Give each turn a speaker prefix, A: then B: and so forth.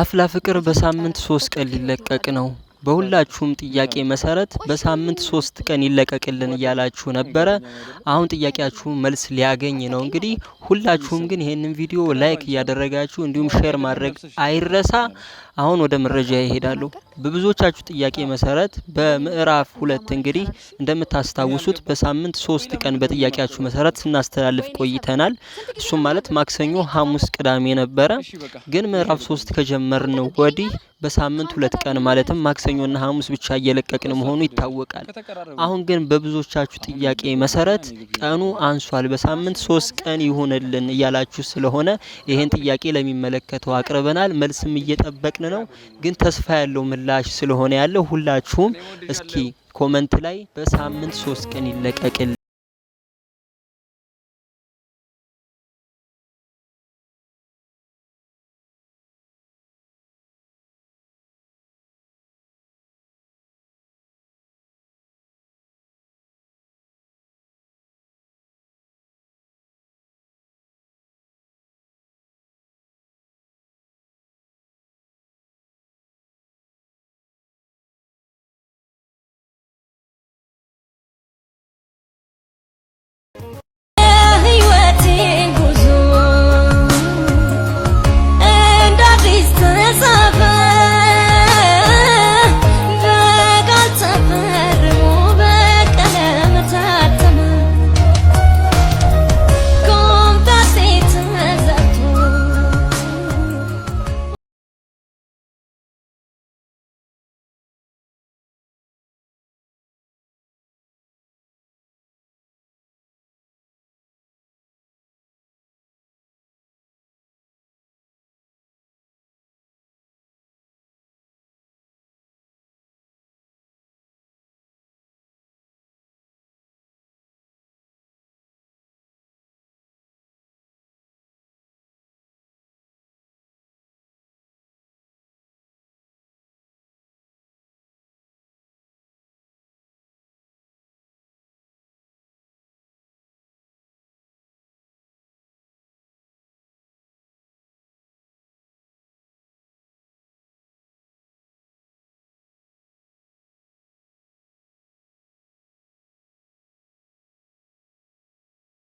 A: አፍላ ፍቅር በሳምንት ሶስት ቀን ሊለቀቅ ነው በሁላችሁም ጥያቄ መሰረት በሳምንት ሶስት ቀን ይለቀቅልን እያላችሁ ነበረ። አሁን ጥያቄያችሁ መልስ ሊያገኝ ነው። እንግዲህ ሁላችሁም ግን ይህንን ቪዲዮ ላይክ እያደረጋችሁ እንዲሁም ሼር ማድረግ አይረሳ። አሁን ወደ መረጃ ይሄዳሉ። በብዙዎቻችሁ ጥያቄ መሰረት በምዕራፍ ሁለት እንግዲህ እንደምታስታውሱት በሳምንት ሶስት ቀን በጥያቄያችሁ መሰረት ስናስተላልፍ ቆይተናል። እሱም ማለት ማክሰኞ፣ ሐሙስ፣ ቅዳሜ ነበረ። ግን ምዕራፍ ሶስት ከጀመርነው ወዲህ በሳምንት ሁለት ቀን ማለትም ማክሰኞና ሐሙስ ብቻ እየለቀቅን መሆኑ ይታወቃል። አሁን ግን በብዙዎቻችሁ ጥያቄ መሰረት ቀኑ አንሷል፣ በሳምንት ሶስት ቀን ይሆንልን እያላችሁ ስለሆነ ይህን ጥያቄ ለሚመለከተው አቅርበናል። መልስም እየጠበቅን ነው። ግን ተስፋ ያለው ምላሽ ስለሆነ ያለው ሁላችሁም እስኪ ኮመንት ላይ በሳምንት ሶስት ቀን ይለቀቅል